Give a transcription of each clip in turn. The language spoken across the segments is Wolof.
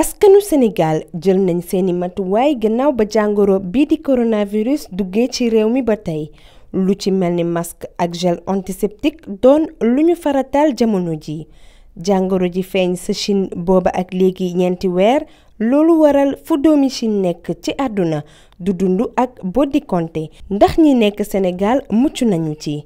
askanu Sénégal jël nañ seeni matuwaay gannaaw ba jàngoro bii di coronavirus duggee ci réew mi ba tey lu ci mel ni masque ak gel antiseptique doon lu ñu faratal jamono ji jàngoro ji feeñ sa Chine booba ak léegi ñeenti weer loolu waral fu doomi Chine nekk ci àdduna du dund ak Body ndax ñi nekk Sénégal mucc nañu ci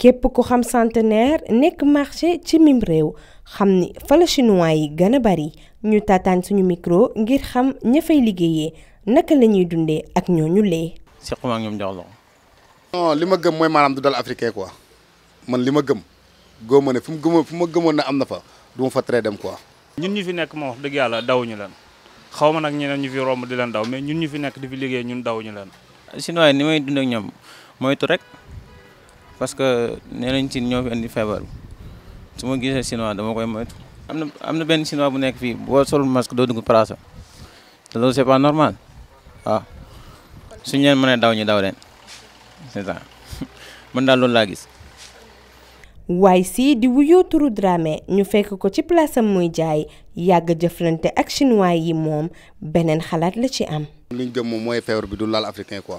képp ku xam centenaire nekk marché ci mim réew xam ni fa la chinois yi gën a bari ñu tataan suñu micro ngir xam ñëfay fay liggéeyee naka la ñuy dundee ak ñooñu lee. si xuma ak ñoom jox non li ma gëm mooy maanaam du dal africain quoi man li ma gëm góob ma ne fu mu gëmoon fu ma gëmoon ne am na fa du ma fa tere dem quoi. ñun ñu fi nekk moom wax dëgg yàlla dawuñu leen xaw ma nag ñeneen ñu fi romb di leen daw mais ñun ñu fi nekk di fi liggéey ñun dawuñu leen. chinois yi ni may dund parce que nee nañ ñoo fi indi feebar bi su ma gisee chinois dama koy moytu am na am na benn chinois bu nekk fii boo solul masque doo dugg plaza te loolu c'est pas normal waaw suñu leen mënee daw ñi daw leen c'est ça man daal loolu laa gis. waaye sii di wuyoo turu Dramé ñu fekk ko ci place muy jaay yàgg jëflante ak chinois yi moom beneen xalaat la ci am. li gëm moom mooy feebar bi du laal africain quoi.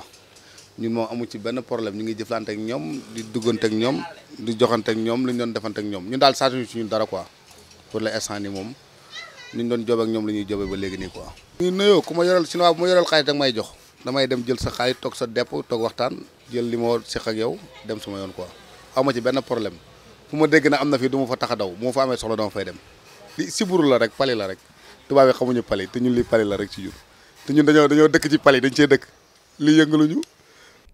ñun moo amu ci benn problème ñu ngi jëflante ak ñoom di duggante ak ñoom di joxante ak ñoom lu ñu doon defante ak ñoom ñun daal saatuñu ci ñun dara ko pour l'instant ni moom ñu doon joobe ak ñoom la ñuy joobe ba léegi nii quoi. ñu ku ma yoral si waaw bu yoral xaalis danga may jox damay dem jël sa xaalis toog sa depp toog waxtaan jël li ma seq ak yow dem sama yoon quoi amu ci benn problème fu ma dégg na am na fi du ma fa tax a daw bu fa amee soxla dama fay dem li siburu la rek pali la rek tubaab yi xamuñu pali te ñun li pali la rek ci jur te ñun dañoo dañoo dëkk ci pali dañ cee dëkk li yëngaluñu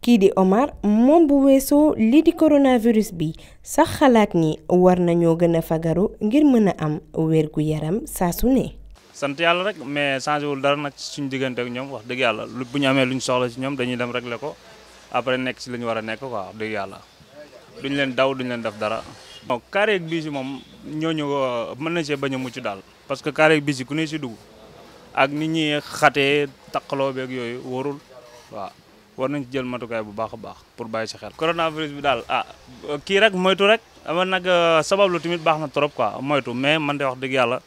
kii di Omar moom bu weesoo lii di coronavirus bi sax xalaat ni war nañoo gën fagaru ngir mën am wér yaram saa su ne. sant yàlla rek mais changé wul dara nag suñu diggante ak ñoom wax dëgg yàlla lu bu ñu amee lu soxla ci ñoom dañuy dem régler ko après nekk ci li ñu war a nekk quoi wax dëgg yàlla duñ leen daw duñ leen def dara. carré bi si moom ñooñu euh, mën na see bañ a parce que carré bi si ku ne si dugg ak nit ñi xatee taqaloo beeg yooyu waaw. war nañ ci jël matukaay bu baax a baax pour bàyyi si xel. coronavirus bi daal ah kii rek moytu rek ama nag euh, sabab lu baax na trop quoi moytu mais man de wax dëgg yàlla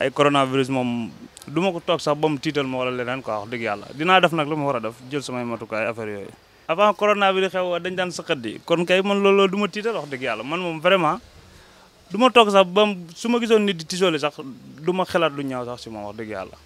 ay coronavirus moom du ma ko toog sax ba mu tiital ma wala leneen quoi wax yàlla dinaa def nag lu ma war a def jël samay matukaay affaire yooyu. avant coronavirus xew dañ daan sëqat di kon kay man loolu du ma tiital wax dëgg yàlla man moom vraiment. du ma toog sax bam su ma gisoon nit di tisooli sax du ma xelaat lu ñaaw sax si moom wax dëgg yàlla.